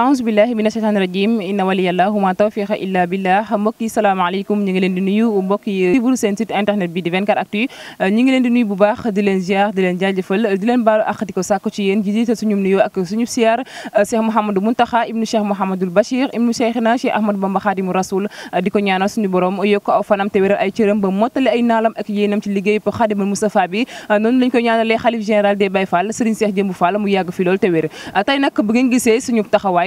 aouzu billahi mina sheytaani rajim inna waliyallahu ma tawfiqa illa billah mbokk yi salaamaaleykum ñu di nuyu mbokk yi seen site internet bi di 24 actu ñu di nuyu bu baax di leen ziar di leen jaajëfal di leen baalu àq di ko sàkku ci yéen ji jiite suñum nuyoo ak suñu siyaar euh, cheikh mouhamadou mountaxa ibnu cheikh mouhamadul bachir ibnu cheikhina cheikh ahmadou bamba xaadimu rasul euh, di ko ñaanal suñu borom ay ba mottali ay naalam ak yéenam ci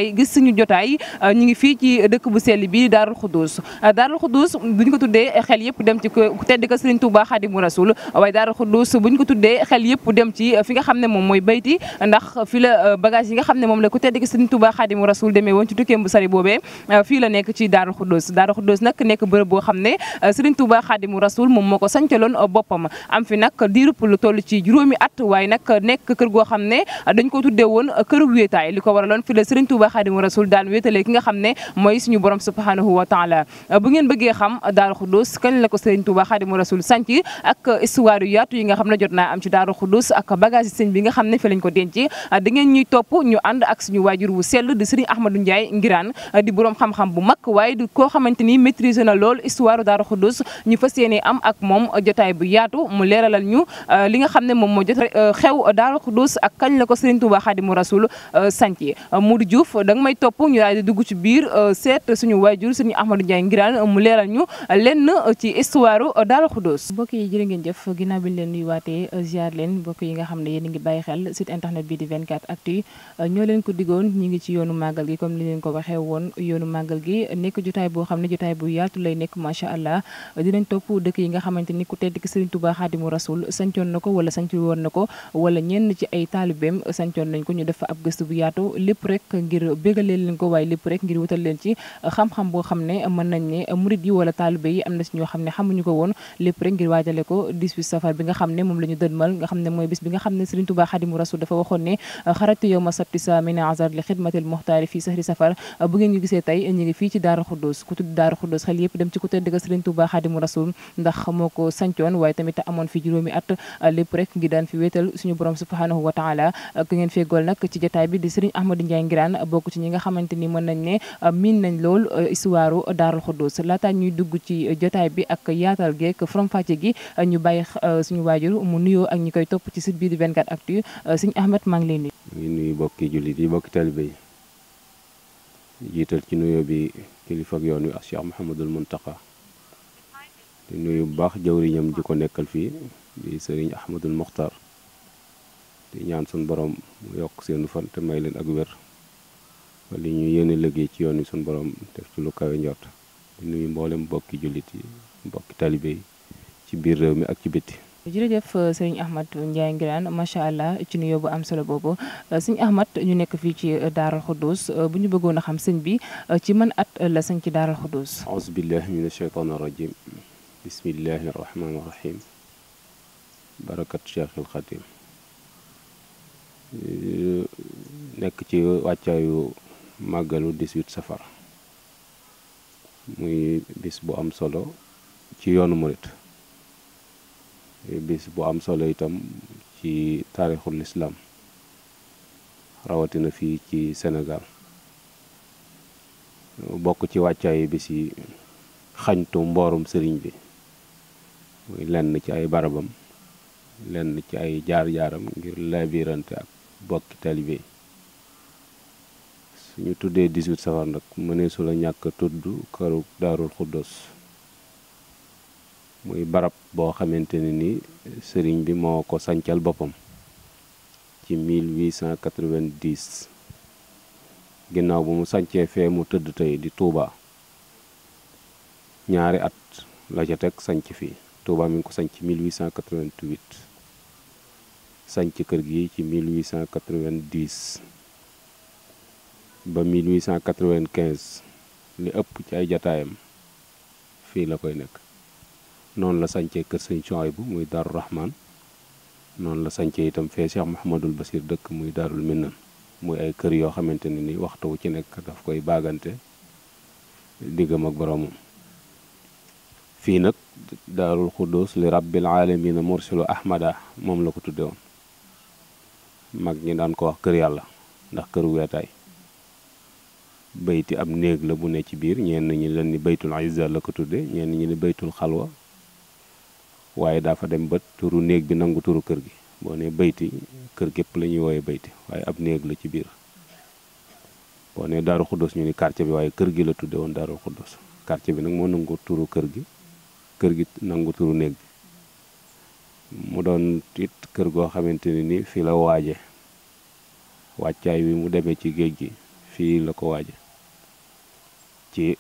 jotaay gis suñu jotaay euh, ñu ngi fii ci dëkk bu sell bi Darou Khoudous euh, Darou Khoudous bu ñu ko xel yëpp dem ci fi nga xam ne moom mooy bayti ndax fi la euh, bagage yi nga xam ne moom la ku tedd ka Serigne Touba Khadimu Rasul demee woon ci tukkeem bu sari boobee fii la nekk ci Darou Khoudous Darou Khoudous nag nekk bërëb xam ne Serigne Touba Khadimu Rasul moom moo ko sancaloon boppam am fi nag diirub lu toll ci juróomi at waaye nag nekk kër goo xam ne dañ ko tuddee woon këru xaadimu rasul daan wéetalee ki nga xam ne mooy suñu borom subhanahu wa taala bu ngeen bëggee xam daaru xudus kañ la ko sëriñ Touba xaadimu rasul sanc ak histoire yaatu yi nga xam ne jot naa am ci daaru xudus ak bagage yi sëñ bi nga xam ne fi lañ ko denc da ngeen ñuy topp ñu ànd ak suñu waajur wu sell di sëriñ Ahmadou Ndiaye Ngiraan di borom xam bu mag waaye di koo xamante ni maîtriser na lool histoire daaru xudus ñu fas yéene am ak moom jotaay bu yaatu mu leeralal ñu euh, li nga xam ne moom moo jot euh, xew daaru xudus ak kañ la ko sëriñ Touba xaadimu rasul euh, sanc Modou Diouf da nga may topp ñu daal di dugg ci biir euh, seet suñu waajur suñu Ahmadou Ndiaye Nguirane mu leeral ñu lenn ci histoire Daaru Xudoos mbokk yi jërë ngeen jëf ginnaaw bi ñu leen nuyuwaatee euh, ziar leen mbokk yi nga xam ne yéen ngi bàyyi xel site internet bi di 24 actu euh, ñoo leen ko digoon ñi ngi ci yoonu màggal gi comme ni leen ko waxee woon yoonu màggal gi nekk jotaay boo xam ne jotaay bu yaatu lay nekk macha allah dinañ topp dëkk yi nga xamante ni ku tedd ki Sëriñ Tuubaa Xaadimu Rasuul sancoon na ko wala sanc woon na ko wala ñenn ci ay taalibeem sancoon nañ ko ñu def ab bu yaatu lépp rek bégalee leen leen ci xam-xam boo xam ne mën nañ ne murid yi wala taalibe am na si ñoo xam ne xamuñu ko woon lépp rek ngir waajale ko 18 safar bi nga xam ne moom la ñu dëdmal nga xam ne mooy bis bi nga xam ne Serigne Touba Khadimou Rasoul dafa ndax moo ko sancoon waaye tamit amoon fi juróomi at lépp rek ngi daan fi wéetal suñu borom subhanahu wa taala ki ngeen feegool nag ci jataay bi di Serigne Ahmadou Ndiaye Ngiraan bokk ci ñi nga xamante ni mën nañ ne euh, miin nañ lool euh, histoire Daarul Xuddus ñuy dugg ci euh, jotaay bi ak yaatal geek faramfàcce gi ñu bàyyi suñu waajur mu nuyoo ak ñi koy topp ci site bii di 24 actu suñu Ahmed maa ngi lay nuyu. ñu ngi nuyu bokki jullit yi bokki talibe yi jiital ci nuyoo bi kilifa yoon wi ak Cheikh Mouhamadul Mountakha di nuyu bu baax jëwriñam ji ko nekkal fii di sëriñ Ahmadul Mokhtar di ñaan suñu borom mu yokk seenu fan te may leen ak wér. li ñu yéene liggéey ci yoon wi suñu borom def ci lu kawe njort di nuyu mboolem mbokki jullit yi mbokki talibe yi ci biir réew mi ak ci bitti. jërëjëf euh, sëriñ Ahmad Ndiaye Nguirane macha allah ci ni bu am solo boobu euh, sëñ Ahmad ñu nekk fii ci euh, Daaral Xudduus bu ñu bëggoon a xam sëñ bi ci man at la sëñ ci Daaral Xudduus. auzu billahi mina shaytaani bismillahi rahmaani rahim barakat Cheikhul Xadim nekk ci wàccaayu. màggalu 18 safar muy bis bu am solo ci yoonu murit bis bu am solo itam ci taarixul islam rawatina fii ci senegal bokk ci wàccaayu bis yi xañtu mboorum sëriñ bi muy lenn ci ay barabam lenn ci ay jaar-jaaram ngir labirante ak bokki talibe ñu tuddee 18 safar nag mëneesu la ñàkk tudd këru daarul xuddos muy barab boo xamante ne ni sëriñ bi moo ko sancal boppam ci mille 1890 ginnaaw bu mu sancee fee mu tëdd tey di Touba ñaari at la ca teg sanc fii Touba mi ngi ko sanc 1888 sanc kër gi ci 1890 ba 1895 li ëpp ci ay jataayam fii la koy nekk noonu la sancee kër sëñ Chouaïbou muy Daaru Rahman noonu la sancee itam fee Cheikh Mouhamadul Basir dëkk muy Daarul Minnan muy ay kër yoo xamante ne ni waxtu ci nekk daf koy baagante diggam ak boromam fii nag Daarul Xuddus li rabbil alamina mursilu ahmada moom la ko tudde woon mag ñi daan ko wax kër yàlla ndax këru weetaay bayti ab néeg la bu ne ci biir ñenn ñi leen ni baytul izza la ko tudde ñenn ñi ne baytul xalwa waaye dafa dem ba turu néeg bi nangu turu kër gi boo ne bayti kër gépp la ñuy bayti waaye ab néeg la ci biir boo ne daaru xuddos ñu ni quartier bi waaye kër gi la tudde woon daaru xuddos quartier bi nag moo nangu turu kër gi kër gi nangu turu néeg bi mu doon it kër goo xamante ne ni fii la waaje wàccaay wi mu demee ci géej gi fii la ko waaje ci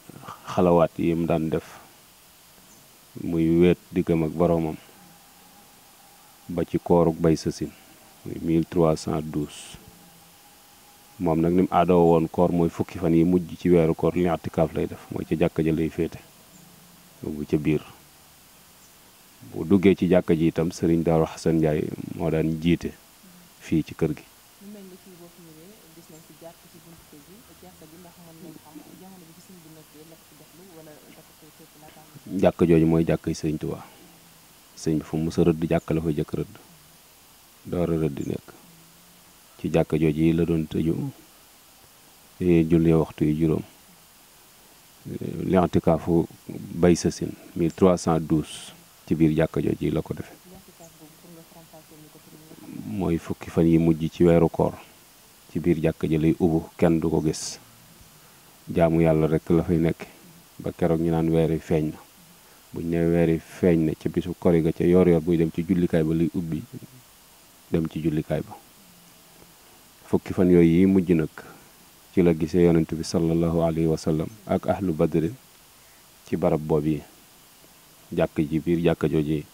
xalawaat yi mu daan def muy wéet diggam ak boroomam ba ci kooruk bay sasin muy 1312 moom nag ni mu aadoo woon koor mooy fukki fan yi mujj ci weeru koor li itikaaf lay def mooy ca jàkka ja lay féete bu ca biir bu duggee ci jàkka ji itam sëriñ Daaru Xasan Njaay moo daan jiite fii ci kër gi jàkk jooju mooy jàkkay sëñ Tuubaa sëñ bi fu mu mësa rëdd jàkk la fa jëkk rëdd door a rëdd nekk ci jàkk jooju yi la doon tëju jullee waxtu yu juróom lentikaafu bay sa sin 1312 ci biir jàkk jooju yi la ko defe mooy fukki fan yi mujj ci weeru koor ci biir jàkk ji lay ubbu kenn du ko gis jaamu yàlla rekk la fay nekk ba keroog ñu naan weer feeñ na buñ ne weeri feeñ na ca bisu kori ga ca yoor yoor buy dem ci jullikaay ba ubbi dem ci jullikaay ba fukki fan yooyu yi mujj nag ci la gisee yonent bi sallallahu alayhi wa sallam ak ahlu badrin ci barab boob yi jàkk ji biir jàkk jooju yi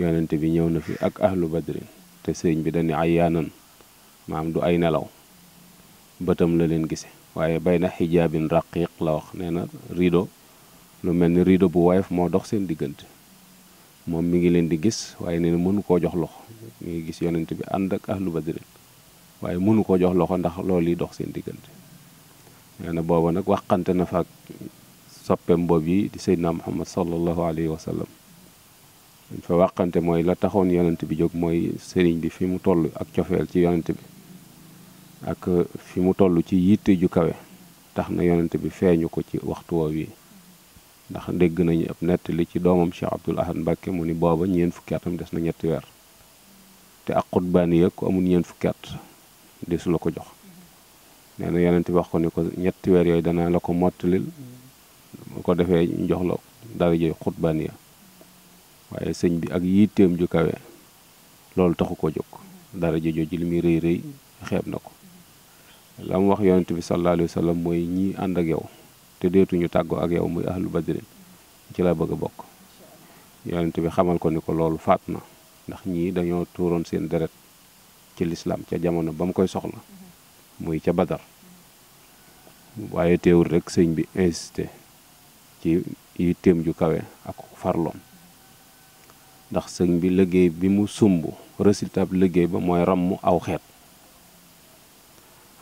yonent bi ñëw na fi ak ahlu badrin te sëriñ bi dañu ayyaanan maam du ay nelaw bëtam la leen gise waaye bay na xijaabin raqiq la wax nee na rido lu mel ni rido bu woyof moo dox seen diggante moom mi ngi leen di gis waaye nee na mënu koo jox loxo mi ngi gis yonent bi ànd ak ahlu badrin waaye mënu koo jox loxo ndax loolu yi dox seen diggante nee na booba nag waxante na fa ak soppeem boobu yi di seydina muhammad sallallahu alayhi wa sallam dañ fa waqante mooy la taxoon yonent bi jóg mooy sëriñ bi fi mu toll ak cofeel ci yonent bi ak fi mu toll ci yitte ju kawe tax na yonent bi feeñu ko ci waxtu woowu yi ndax dégg nañu ab nettali ci doomam Cheikh Abdoul Ahad Mbacke mu ni booba ñeen fukki des na ñetti weer te ak xutbaani ya ku amul ñeen fukki at la ko jox nee na yonent bi wax ko ni ko ñetti weer yooyu danaa la ko mottalil bu ko defee njox la dara jooy xutbaan ya waaye sëñ bi ak yitteem ju kawe loolu taxu ko jóg dara jooju li muy rëy rëy xeeb na ko la wax yonent bi sallallahu alayhi wa sallam mooy ñii ànd ak yow te deetuñu tàggoo ak yow muy ahlu badrin ci la bëgg a bokk yonent bi xamal ko ni ko loolu faat na ndax ñii dañoo tuuroon seen deret ci lislaam ca jamono ba mu koy soxla muy ca badar waaye teewul rekk sëñ bi insisté ci yitteem ju kawe ak farloom ndax sëñ bi liggéey bi mu sumb résultat bi liggéey ba mooy ram mu aw xeet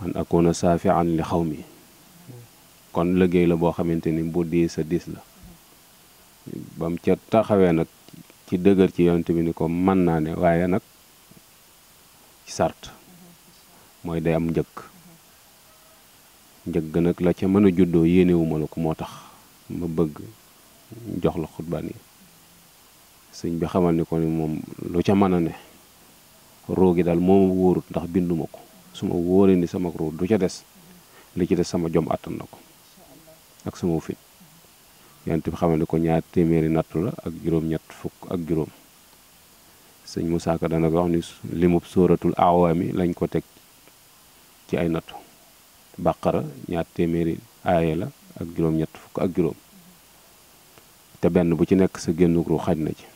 an akuna saafian li xaw mi kon liggéey la boo xamante ni bu diis sa diis la ba ca taxawee nag ci dëgër ci yonent bi ni ko mën naa ne waaye nag sart mooy day am njëg njëkk nag la ca mën a juddoo yéenewuma la ko moo tax ma bëgg jox la xutbaan yi sëñ bi xamal ni ko ni moom lu ca mën a ne ruu gi daal mooma wóorut ndax binduma ko su ma wóoree ni sama ruu du ca des li ci des sama jom àttan na ko ak sama fit yonent bi xamal ne ko ñaar téeméeri nattu la ak juróom-ñett fukk ak juróom sëñ Moussa Ka dana wax ni limub sóoratul awaami lañ ko teg ci ay nattu bàqara ñaar téeméeri aaya la ak juróom-ñett fukk ak juróom te benn bu ci nekk sa génnuk ru xaj na ci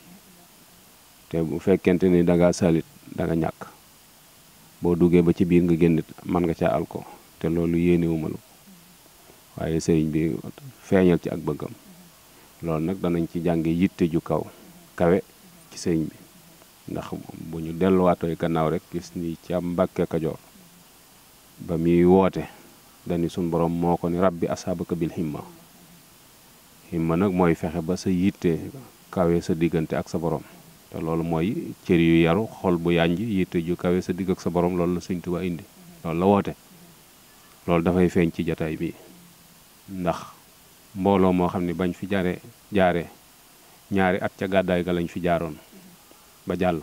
te bu fekkent ni danga salit danga ñàkk boo duggee ba ci biir nga génn mën nga caa alko te loolu yéenewuma la waaye sëriñ bi feeñal ci ak bëggam loolu nag danañ ci jànge yitte ju kaw kawe ci sëriñ bi ndax bu ñu delluwaatooy gannaaw rek gis ni ca Mbàkke Kajoor ba muy woote dani suñ borom moo ko ni rabbi asaabaka bil himma himma nag mooy fexe ba sa yitte kawe sa diggante ak sa boroom te loolu mooy cër yu yaru xol bu yànj yitte ju kawe sa digg ak sa borom loolu la Sëriñ Tuubaa indi loolu la woote loolu dafay feeñ ci jataay bii ndax mbooloo moo xam ne bañ fi jaare jaare ñaari at ca gàddaay ga lañ fi jaaroon ba jàll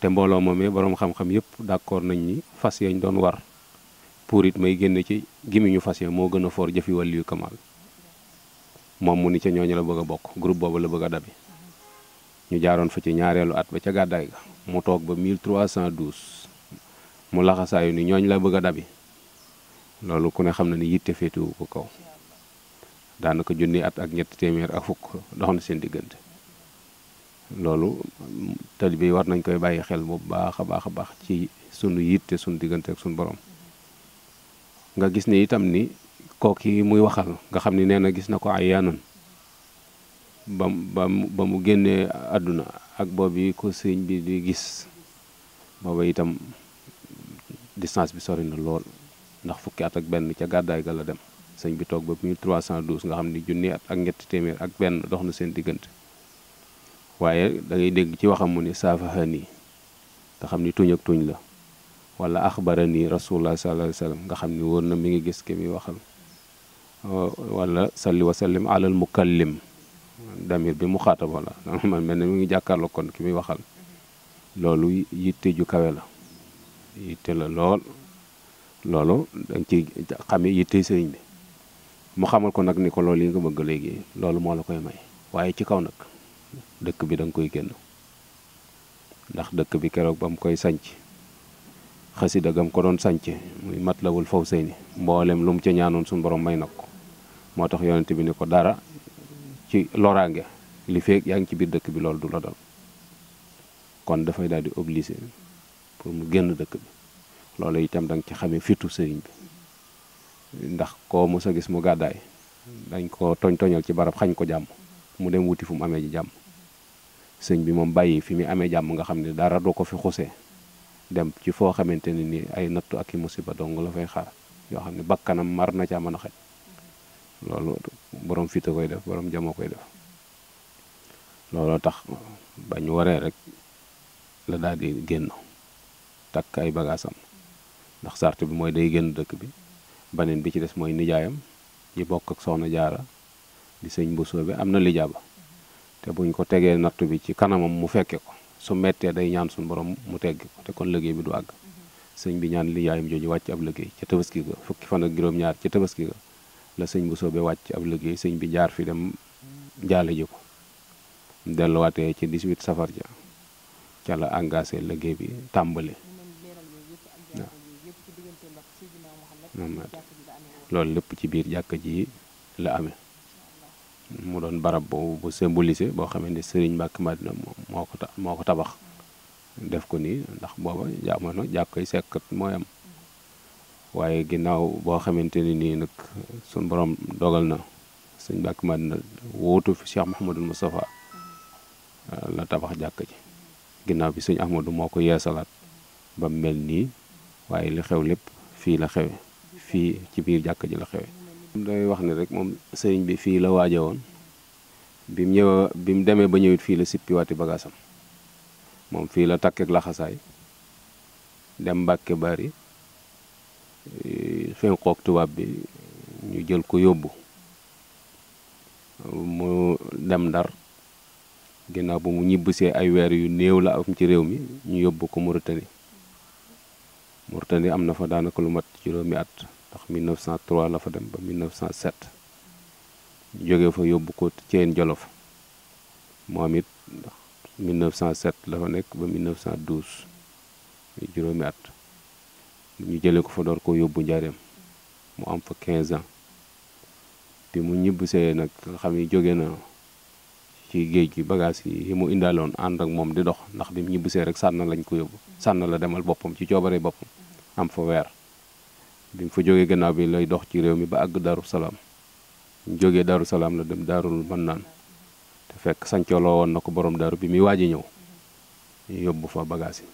te mbooloo moomee boroom xam-xam yëpp d'accord nañ ni fas yañ doon war pour it may génn ci gimiñu fas ya moo gën a foor jëfi wàlliyu kamaal moom mu ni ca ñooñu la bëgg a bokk groupe boobu la bëgg a dabi ñu jaaroon fa ci ñaareelu at ba ca gàddaay ga mu toog ba 1312 mu laxasaayu ni ñooñ la bëgg a dabi loolu ku ne xam na ni yitte féetewu ko kaw daanaka junni at ak ñett téeméer ak fukk dox seen diggante loolu taalibe yi war nañ koy bàyyi xel bu baax a baax a baax ci sunu yitte sunu diggante ak sunu borom nga gis ni itam ni kooki muy waxal nga xam ni nee na gis na ko ay yaanoon ba mu ba mu génnee àdduna ak boobu ko sëñ bi di gis booba itam distance bi sori na lool. ndax fukki at ak benn ca gàddaay ga la dem sëñ bi toog ba 1312 nga xam ni junni at ak ñetti téeméer ak benn dox na seen diggante waaye da dégg ci waxam mu ni saafahani nga xam ni tuñ ak tuñ la wala axbarani nii sallallahu alayhi wasallam nga xam ni wóor na mi ngi gis ki mi waxal wala salli wa sallim alal mukallim damir bi mu xaata xaataba la man mel ni mi ngi jàkkaarloo kon ki muy waxal loolu yitte ju kawe la yitte la lool loolu danga ci xame yitte sëriñ bi mu xamal ko nag ni ko loolu yi nga bëgg léegi loolu moo la koy may waaye ci kaw nag dëkk bi da koy génn ndax dëkk bi keroog ba mu koy sañc sanc xasida gam ko doon sanc muy matlawul faw sëy ni mboolem lu mu ca ñaanoon suñu borom may na ko moo tax yonent bi ni ko dara ci loraange li feeg yaa ngi ci biir dëkk bi loolu du la dal kon dafay daal di obligé pour mu génn dëkk bi loolu itam da nga ci xamee fitu sëriñ bi ndax koo mos a gis mu gàddaay dañ ko toñ toñal ci barab xañ ko jàmm mu dem wuti fu mu amee ji jàmm sëñ bi moom bàyyi fi mu amee jàmm nga xam ne dara du ko fi xusee dem ci foo xamante ne ni ay nattu ak i musiba dong la fay xar yoo xam ne bakkanam mar na caa mën a xaj loolu borom fit koy def borom jamoo koy def looloo tax ba waree rek la daal di génn takk ay bagaasam ndax sart bi mooy day génn dëkk bi baneen bi ci des mooy nijaayam yi bokk ak soxna jaara di sëñ bu soobe am na lijaaba te buñ ko tegee natt bi ci kanamam mu fekke ko su mettee day ñaan suñu borom mu teggi ko te kon liggéey bi du àgg sëñ bi ñaan lijaayam jooju wàcc ab liggéey ca tabaski ga fukki fan ak juróom-ñaar ca tabaski ga la sëñ bu soobe wàcc ab liggéey sëñ bi jaar fi dem jaale ji ko delluwaatee ci 18 safar ja ca la engagé liggéey bi tàmbali moom lépp ci biir jàkka ji la ame mu doon barab bu bu symbolisé boo xamante ni Serigne màddina Madina moo ko moo ko tabax def ko nii ndax booba jamono jàkkoy sekkat mooy waaye ginnaaw boo xamante ni nii nag suñ borom dogal na Serigne Mbacke Madina wóotu fi Cheikh Mouhamadul Moustapha euh, la tabax jàkk ji ginnaaw bi Serigne Ahmadou moo ko yeesalaat ba mel nii waaye li xew lépp fii la xewee fii ci biir jàkk ji la xewe day wax ne rek moom sëriñ bi fii la waaje woon bi mu ñëw bi mu demee ba ñëwit fii la sippiwaati bagaasam moom fii la takkeek laxasaay dem mbàkke bari eh, fenqoog tubaab bi ñu jël ko yóbbu mu dem ndar ginnaaw bu mu ñibbisee ay weer yu néew la am ci réew mi ñu yóbbu ko Mauritanie Mauritanie am na fa daanaka lu mat juróomi at ndax 1903 la fa dem ba 1907 joge fa yóbbu ko Ceen Jolof moom it ndax 1907 la fa nekk ba 1912 muy juróomi at ñu jële ko fa door ko yóbbu njaareem mu am fa 15 ans bi mu ñibbisee nag nga xam ni jóge na ci géej gi bagages yi mu indaaloon ànd ak moom di dox ndax bi mu ñibbisee rek sànna lañ ko yóbbu sànn la demal boppam ci coobaree boppam am fa weer bi mu fa jógee gannaaw bi lay dox ci réew mi ba àgg Daaru Salaam mu jógee Daaru Salaam la dem Daarul Mannaan te fekk sancoloo woon na ko boroom daaru bi muy waaj a ñëw yóbbu fa bagage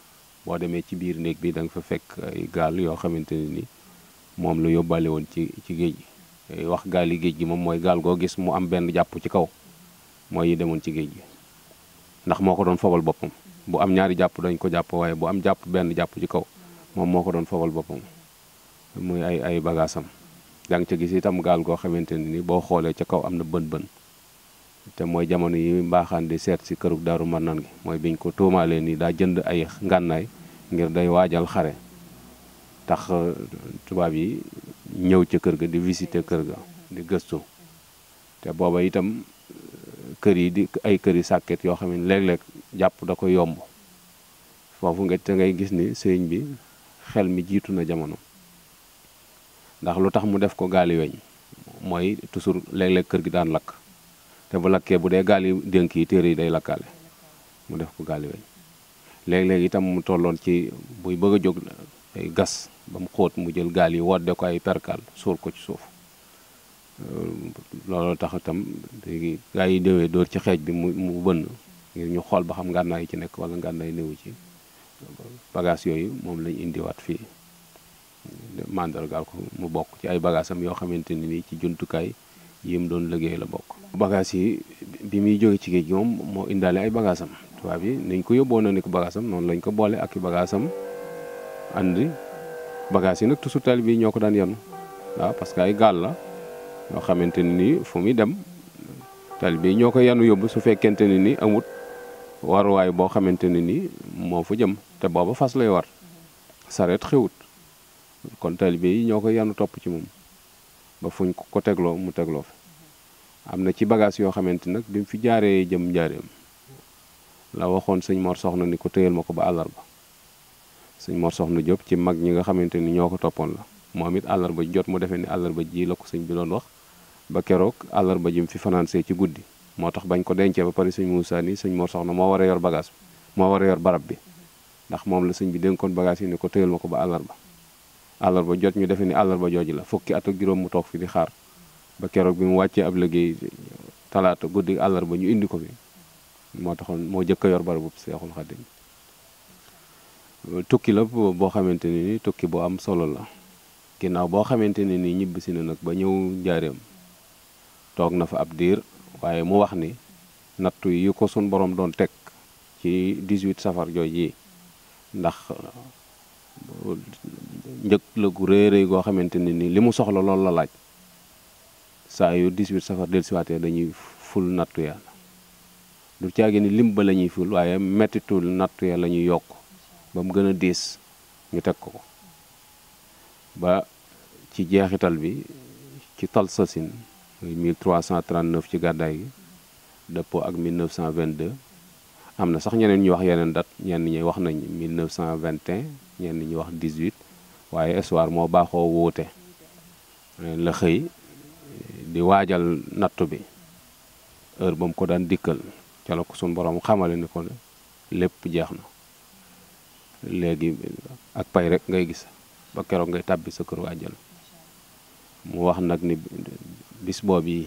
boo demee ci biir néeg bi danga fa fekk ay gaal yoo xamante nii moom lu yóbbaale woon ci ci géej gi wax gaal géej gi moom mooy gaal goo gis mu am benn jàpp ci kaw mooy yi demoon ci géej gi ndax moo ko doon fobal boppam bu am ñaari jàpp dañ ko jàpp waaye bu am jàpp benn jàpp ci kaw moom moo ko doon fobal boppam muy ay ay bagaasam yaa ngi ca gis itam gaal goo xamante ne ni boo xoolee ca kaw am na bën bën te mooy jamono yi mbaaxaan di seet si kërug Daaru Marnaan gi mooy biñ ko tuumaalee nii daa jënd ay ngànnaay ngir day waajal xare tax euh, tubaab yi ñëw ca kër ga di visiter kër ga di gëstu te booba itam euh, kër yi di ay kër yi sàkket yoo xam ne léeg-léeg jàpp da ko yomb foofu nga te ngay gis ni sëriñ bi xel mi jiitu na jamono ndax lu tax mu def ko gaali weñ mooy toujours léeg-léeg kër gi daan lakk te bu lakkee bu dee gaal yi dénk yi téere yi day lakkaale mu def ko gaali weñ léeg-léeg itam mu tolloon ci buy bëgg a jóg ay gas ba mu xóot mu jël gaal yi wodde ko ay perkaal suul ko ci suuf looloo tax itam léegi gaa yi déwee dóor ci xeej bi mu mu bënn ngir ñu xool ba xam ngànnaay yi ci nekk wala ngànnaay néewu ci bagage yooyu moom lañ indiwaat fii màndargaal ko mu bokk ci ay bagaasam yoo xamante ne nii ci jumtukaay yi mu doon liggéey la bokk. bagages yi bi muy jóge ci géej moom moo indaale ay bagaasam tubaab yi nañ ko yóbboo na nekk bagaasam noonu lañ ko boole ak i andi bagages yi nag toujours taalibe bi ñoo ko daan yenu waaw parce que ay gaal la yoo xamante ne nii fu muy dem taalibe bi ñoo ko yanu yóbbu su fekkente ne nii amut waruwaay boo xamante ne nii moo fa jëm te booba fas lay war sareet xewut kon taalibe yi ñoo ko yanu topp ci moom ba fuñ ko tegloo mu tegloo fa am na ci bagage yoo xamante nag bi mu fi jaaree jëm njaareem la waxoon sëñ Mor na ni ko téyal ma ko ba àllarba sëñ Mor Soxna Diop ci mag ñi nga xamante ni ñoo ko toppoon la moom it àllarba jot mu defee ni àllarba ji la sëñ bi doon ba keroog àllarba ji mu fi financé ci guddi moo tax bañ ko dencee ba pare sëñ Moussa ni sëñ Mor Soxna moo war a yor bagage bi moo war yor barab bi ndax moom la sëñ bi dénkoon bagaas yi ni ko téyal ma ko ba àllarba àllarba jot ñu defe ni àllarba jooju la fukki at ak juróom mu toog fi di xaar ba keroog bi mu wàccee ab liggéey talaata guddi àllarba ñu indi ko fi moo taxoon moo jëkk a yor barabu Seexul Xadim tukki la boo xamante ne ni tukki boo am solo la ginnaaw boo xamante ne ni ñibbisi na nag ba ñëw njaareem toog na fa ab diir waaye mu wax ni nattu yi ko sun boroom doon teg ci 18 safar jooj yi ndax njëg la gu rëy goo xamante ne ni li mu soxla loolu la laaj saa yu 18 safar dellusiwaatee dañuy ful nattu yàlla du caagi ni lim ba la ñuy ful waaye mettitul nattu ya la ñuy yokk ba mu gën a diis ñu teg ko ba ci jeexital bi ci tal Talsasin muy 1339 ci gàddaay gi dëppoo ak vingt 1922 am na sax ñeneen ñu wax yeneen dat ñeen ñi wax nañ 1921 ñenn ñi wax 18 waaye histoire moo baaxoo wuute la xëy di waajal nattu bi heure ba mu ko daan dikkal ca la ko suñ borom xamale ni ko lépp jeex na léegi ak pay rek ngay gis ba keroog ngay tàbbi sa këru àjjal mu wax nag ni bis boobu yi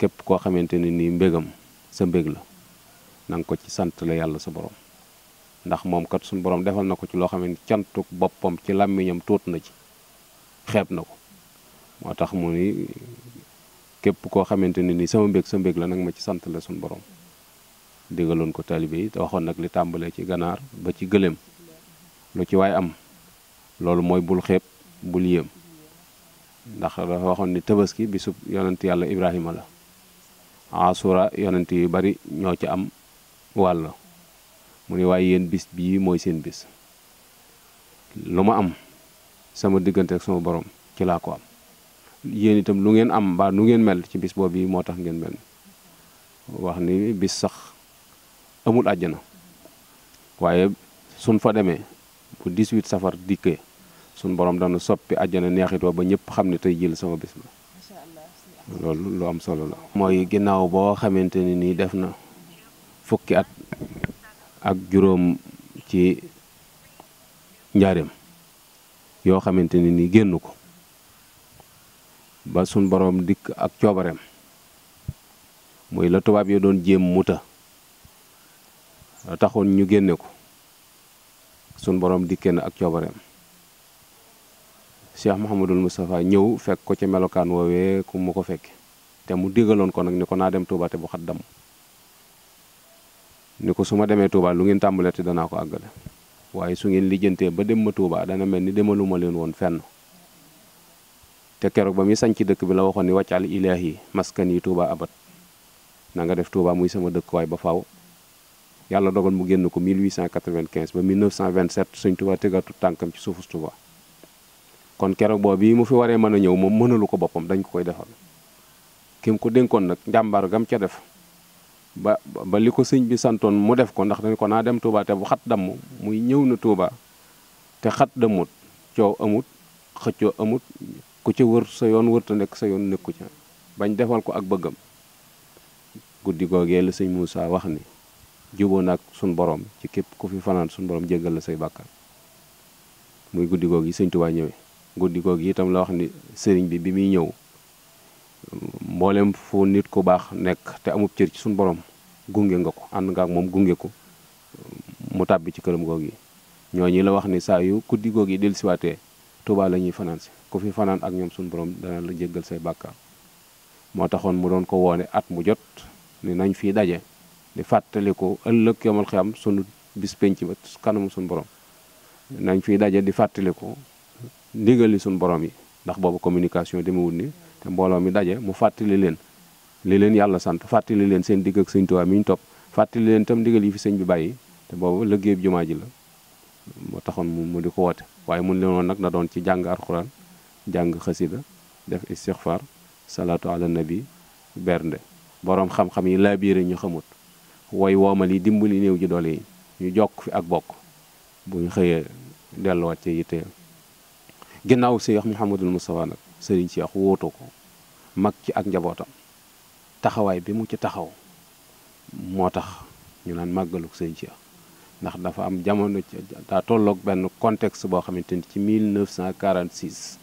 képp koo xamante ni nii mbégam sa mbég la na ko ci sant la yàlla sa borom ndax moom kat suñu boroom defal na ko ci loo xam ne cantuk boppam ci làmmiñam tuut na ci xeeb na ko moo tax mu ni képp koo xamante ne ni sama mbég sa mbég la nag ma ci sant la suñu borom digaloon ko taalibe yi te waxoon nag li tàmbalee ci ganaar ba ci gëléem lu ci waay am loolu mooy bul xeeb bul yéem ndax waxoon ni tabaski bi sub yonent yàlla ibrahima la asura yonent yu bari ñoo ci am wàll mu ne waaye yéen bis bii mooy seen bis lu ma am sama diggante ak suma boroom ci laa ko am yéen itam lu ngeen am mbaa nu ngeen mel ci bis boobu moo tax ngeen mel wax ni bis sax amul àjjana waaye suñ fa demee bu 18 safar dikkee sun borom dana soppi àjjana neexitoo ba ñëpp xam ne tey jël sama bis la loolu lu am solo la. mooy ginnaaw boo xamante ni nii def na. fukki at ak juróom ci njaareem yoo xamante ne ni génn ko ba suñ boroom dikk ak coobareem mooy la tubaab yoo doon jéem muta taxoon ñu génne ko sun boroom dikkee na ak coobareem Cheikh Mouhamadul Moustapha ñëw fekk ko ci melokaan woowee ku mu ko fekke te mu digaloon ko nag ni ko naa dem Tuuba te bu xat damm ni ko su ma demee Touba lu ngeen tàmbalee te danaa ko àggale waaye su ngeen lijjantee ba dem ma Touba dana mel ni demaluma leen woon fenn te keroog ba muy ci dëkk bi la waxoon ni wàccal ilaahi maskan yi Touba abat na nga def Touba muy sama dëkkuwaay ba faaw yàlla dogal mu génn ko 1895 ba 1927 suñ Touba tegatu tànkam ci suufus Touba kon keroog boobu bii mu fi waree mën a ñëw moom mënalu ko boppam dañ ko koy defal kim ko dénkoon nag njàmbaar gam ca def. ba ba li ko sëñ bi santoon mu def ko ndax dañ ko naa dem Touba te bu xat damm muy ñëw na Touba te xat dam dammut coow amut xëccoo amut ku ca wër sa yoon wër nekk sa yoon nekku ca bañ defal ko ak bëggam guddi googee la sëñ Moussa wax ni juboo ak suñ borom ci képp ku fi fanaan suñ borom jéggal la say bàkkaar muy guddi googu yi sëñ Touba ñëwee guddi googu itam la wax ni sëriñ bi bi muy ñëw mboolem fu nit ku baax nekk te amub cër ci suñ borom gunge nga ko ànd nga ak moom gunge ko mu tàbbi ci këram googu yi ñooñu la wax ni saa yu guddi googu yi dellusiwaatee Tuubaa la ñuy fanaan si ku fi fanaan ak ñoom suñu borom dana la jéggal say bàkkaar moo taxoon mu doon ko woone at mu jot ni nañ fii daje di fàttaliku ëllëg yomal xiyam sunu bis penc ba kanamu suñu borom nañ fiy daje di fàttaliku ndigali suñu borom yi ndax boobu communication demewul ni te mbooloo mi daje mu fàttali leen li leen yàlla sant fàttali leen seen digg ak sëñ Tuubaa mi ñu topp fàttali leen tam ndigal yi fi sëñ bi bàyyi te boobu liggéey bi jumaa ji la moo taxoon mu di ko woote waaye mun leen woon nag na doon ci jàng alxuraan jàng xasida def istixfaar salaatu ala nabi bernde boroom xam-xam yi laa biire ñu xamut woy woomal yi dimbali néew ji dool yi ñu jokk fi ak bokk bu ñu xëyee delluwaat ci yitte ginnaaw Seex Muhammadul Mustafaa nag sëriñ Seex wóotu ko mag ci ak njabootam taxawaay bi mu ci taxaw moo tax ñu naan màggaluk sëñ Cheikh ndax dafa am jamono daa benn contexte boo xamante ni ci 1946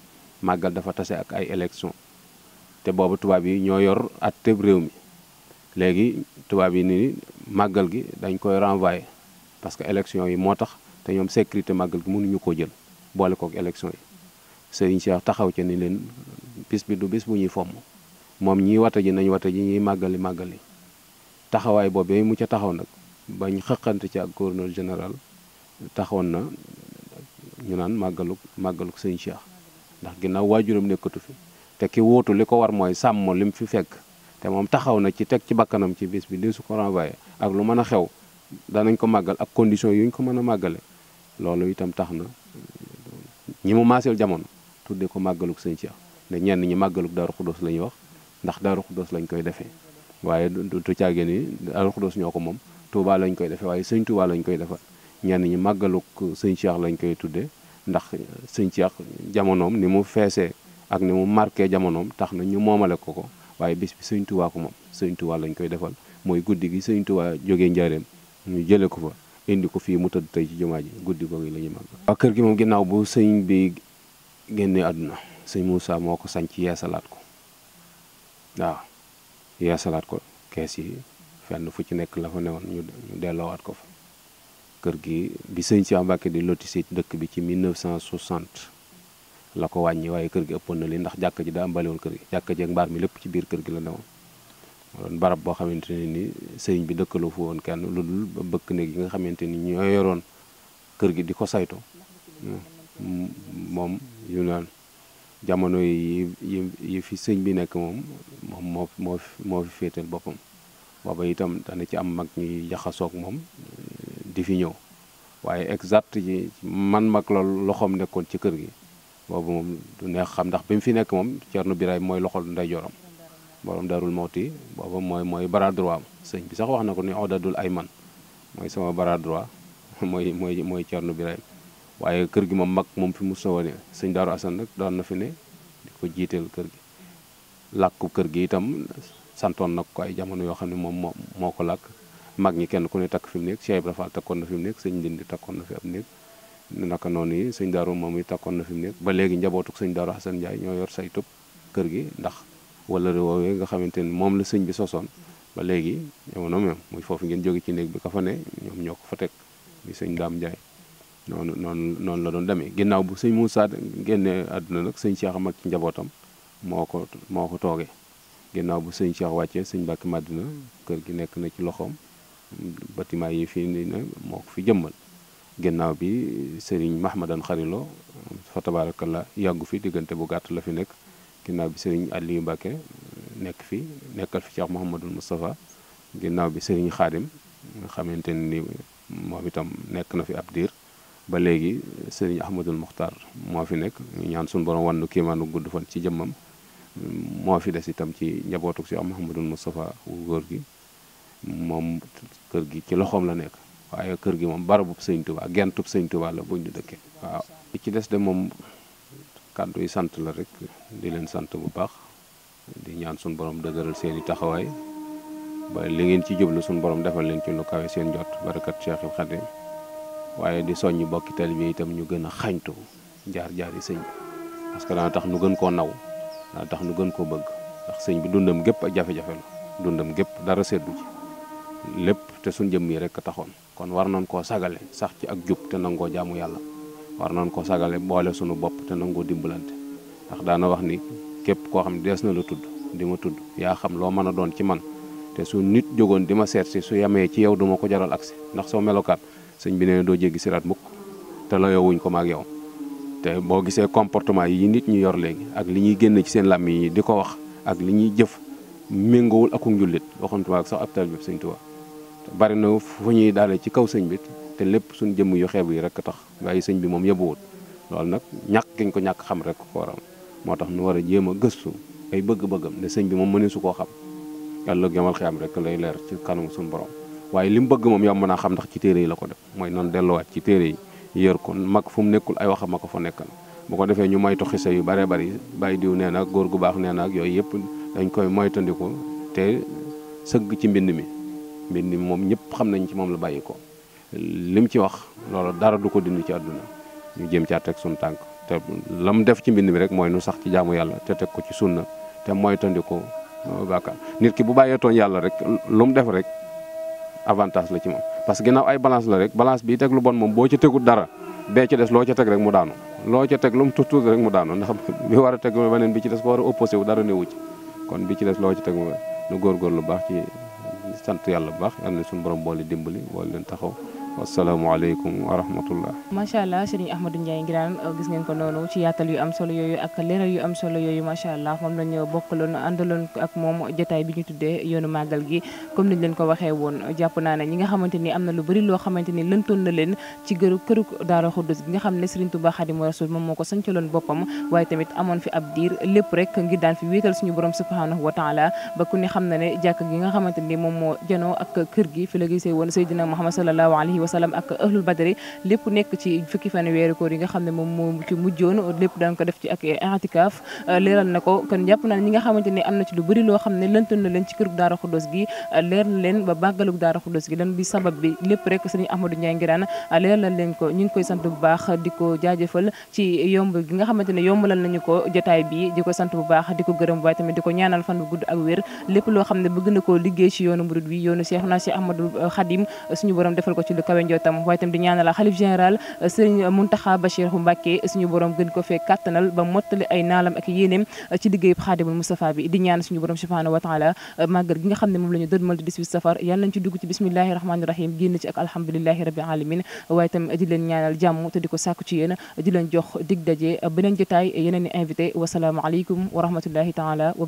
màggal dafa tase ak ay élection te boobu tubaab yi ñoo yor at tëb réew léegi tubaab yi ni màggal gi dañ koy renvoyé parce que élection yi moo tax te ñoom sécurité màggal gi mënuñu ko jël boole kook élection yi sëñ Cheikh taxaw ca ni leen bis bi du bis bu ñuy fomm moom ñiy wata ji nañ wata ji ñiy màggali màggali taxawaay boobu mu ca taxaw nag bañ xëqante ci ak gouverneur général taxawoon na ñu naan màggalu màggalu sëñ Cheikh ndax ginnaaw waajuram nekkatu fi te ki wóotu li ko war mooy sàmm lim fi fekk te moom taxaw na ci teg ci bakkanam ci bis bi di su ko ak lu mën a xew danañ ko màggal ak condition yu ñu ko mën a màggale loolu itam tax na ñi mu maaseel jamono tudde ko màggaluk sëñ Cheikh ne ñenn ñi màggaluk Daaru Xuddoos la ñuy wax ndax daaru xuddoos lañ koy defee waaye du caage ni daaru xuddoos ñoo ko moom Touba lañ koy defee waaye sëñ Touba lañ koy defal ñenn ñi màggaluk sëñ Cheikh lañ koy tuddee ndax sëñ Cheikh jamonoom ni mu feesee ak ni mu marqué jamonoom tax na ñu moomale ko ko waaye bis bi sëñ Touba ko moom sëñ Touba lañ koy defal mooy guddi gi sëñ Touba jógee njaareem ñu jëlee ko fa indi ko fii mu tëdd tey ci jumaa ji guddi googu la ñuy màgg. waaw kër gi moom ginnaaw bu sëñ bi génnee àdduna sëñ Moussa moo ko sanc yeesalaat ko. waaw yeesalaat ko kees yi fenn fu ci nekk la fa newoon ñu delloowaat ko fa kër gi bi sëñ Cheikh Mbacke di loti si dëkk bi ci 1960 la ko wàññi waaye kër gi ëppoon na li ndax jàkk ji daa ambale kër gi jàkk ji mbaar mi lépp ci biir kër gi la newoon doon barab boo xamante ne ni sëñ bi dëkkaloo fu woon kenn lu dul ba bëkk néeg yi nga xamante ni ñoo yoroon kër gi di ko saytu moom yu jamono yi yi yi fi sëñ bi nekk moom moom moo moo moo fi féetal boppam booba itam dana ci am mag ñuy jaxasoog moom eh, di fi ñëw waaye exact ci man mag loolu loxoom nekkoon ci kër gi boobu moom du neex xam ndax bi mu fi nekk moom Cerno Biraay mooy loxol ndeyjooram borom darul mawti booba mooy mooy bras sëñ bi sax wax na ko ni odadul ay man mooy sama bras droit mooy mooy mooy Cerno Biraay waaye kër gi moom mag moom fi mu sowane sëñ Daaru Asan nag daan na fi ne di ko jiiteel kër gi làkku kër gi itam santoon nag ko ay jamono yoo xam ne moom moo moo ko làkk mag ñi kenn ku ne takk fi mu nekk Cheikh Ibra Fall na fi mu nekk sëñ Ndindi takkoon na fi ab nekk naka noonu yi sëñ Daaru moom yi takkoon na fi mu nekk ba léegi njabootuk sëñ Daaru Asan ñoo yor saytub kër gi ndax wala woowee nga xamante ni moom la sëñ bi sosoon ba léegi jamono même muy foofu ngeen jóge ci néeg bi ka ne ñoom ñoo ko fa teg di sëñ Daam Njaay noonu noonu la doon demee ginnaaw bu sëñ Moussa génnee àdduna nag sëñ a mag ci njabootam moo ko moo ko toogee ginnaaw bu sëñ Cheikh wàccee sëñ Mbàkke màddina kër gi nekk na ci loxoom bâtiment yi fii nii nag moo ko fi jëmmal ginnaaw bi Serigne Mahmadan Xarilo fa tabaarakalla yàggu fi diggante bu gàtt la fi nekk ginnaaw bi Serigne Aliou Mbàkke nekk fi nekkal fi Cheikh Mouhamadul Moustapha ginnaaw bi sëriñ Xaadim nga xamante ni moom itam nekk na fi ab diir ba léegi sëriñ Ahmadul Muxtaar moo fi nekk ñaan suñu borom wannu kéemaanu gudd fan ci jëmmam moo fi des itam ci njabootu si am Muhammadul Moustapha wu góor gi moom kër gi ci loxoom la nekk waaye kër gi moom barabub sëñ Tuubaa gentub sëñ Tuubaa la buñ di dëkkee waaw li ci des de moom kàddu yi sant la rek di leen sant bu baax di ñaan suñu borom dëgëral seeni taxawaay ba li ngeen ci jublu suñu borom defal leen ci lu kawe seen jot barakat Cheikh Khadim waaye di soññ bokki taalibe bi itam ñu gën a xañtu jaar-jaari sëñ bi parce que dana tax nu gën koo naw dana tax nu gën koo bëgg ndax sëñ bi dundam gépp ak jafe-jafe la dundam gépp dara seddu ci lépp te suñ jëm yi rek taxoon kon war nañ koo sagale sax ci ak jub te nangoo jaamu yàlla war nañ koo sagale boole suñu bopp te nangoo dimbalante ndax daana wax ni képp koo xam ne dees na la tudd di ma tudd yaa xam loo mën a doon ci man te su nit jógoon di ma seet su yamee ci yow duma ko jaral agsi ndax soo melokaat sëñ bi nee na doo jéggi siraat mukk te layoo wuñ ko maag yow te boo gisee comportement yi nit ñu yor léegi ak li ñuy génne ci seen làmmiñ yi di ko wax ak li ñuy jëf méngowul ak njullit waxantuma ak sax ab taalibe sëñ Tuubaa bari na fu ñuy daale ci kaw sëñ bi te lépp suñ jëmm yu xeeb yi rek a tax waaye sëñ bi moom yëbuwut loolu nag ñàkk giñ ko ñàkk xam rek ko waral moo tax nu war a jéem a gëstu ay bëgg-bëggam ne sëñ bi moom su koo xam yàlla yomal xiyam rek lay leer ci kanamu suñu borom waaye li mu bëgg moom yomb naa xam ndax ci téere yi la ko def mooy nan delluwaat ci téere yi yër ko mag fu mu nekkul ay waxam ma ko fa nekkal bu ko defee ñu moytu xisa yu bare bari bàyyi diw nee na góor gu baax nee na ak yooyu yëpp dañ koy moytandikoo te sëgg ci mbind mi mbind moom ñëpp xam nañ ci moom la bàyyi ko li mu ci wax loolu dara du ko dindi ci àdduna ñu jëm caa teg suñu tànk te la def ci mbind mi rek mooy nu sax ci jaamu yàlla te teg ko ci sunna te moytandikoo uh, bàkkaar nit ki bu bàyyee tooñ yàlla rek lu mu def rek avantage la ci moom parce que ginnaaw ay balance la rek balance bi teg lu bon moom boo ca tegut dara bee ci des loo ca teg rek mu daanu loo ca teg lu mu tuut rek mu daanu ndax bi war a teg beneen bi ci des ko war a opposé wu dara newu ci kon bi ci des loo ci teg mu nu lu baax ci sant yàlla bu baax yal na suñu borom boole dimbali boole leen taxaw wasalaamualeykum wa rahmatullah macha allah sëriñ Ahmadou Ndiaye Nguirane euh, gis ngeen ko noonu ci yaatal yu am solo yooyu ak leeral yu am solo yooyu macha allah moom lañu bokkaloon àndaloon ak moom jotaay bi ñu tuddee woon jàpp naa ci gëru boppam waaye tamit amoon fi ab diir rek ngir daan fi wéetal suñu borom subhanahu wa taala ba ku ne xam na ne jàkk gi nga xamante moom moo janoo ak kër gi fi la gisee woon Seydina Muhammad sallallahu alayhi wa sallam ak ahlul badari lépp nekk ci fukki fan weeru koor yi nga xam ne moom moo ci lépp daan ko def ci ak intikaaf euh, leeral na ko kon ñaanal fan bu gudd ak wér lépp loo xam ne bëgg na koo liggéey ci yoonu murid wi yoonu Cheikh naa Cheikh Ahmadou suñu borom defal ko ci lu kawe waaye itam di ñaanal xalif général euh, sëriñ Muntaxa Bachir Mbacké suñu borom gën ko fee kattanal ba mottali ay naalam ak yéeneem euh, ci liggéeyub Xaadimul Mustafa bi di ñaan suñu wa taala euh, màggal gi nga xam ne moom la ñu dëdmal di 18 safar yàlla nañ ci dugg ci bismillahi rahmaani rahim génn ci ak alhamdulilahi rabbil alamin waaye itam di ñaanal jàmm te ko sàkku ci yéen di jox dig daje beneen jotaay yeneen i invité wasalaamu aleykum taala wa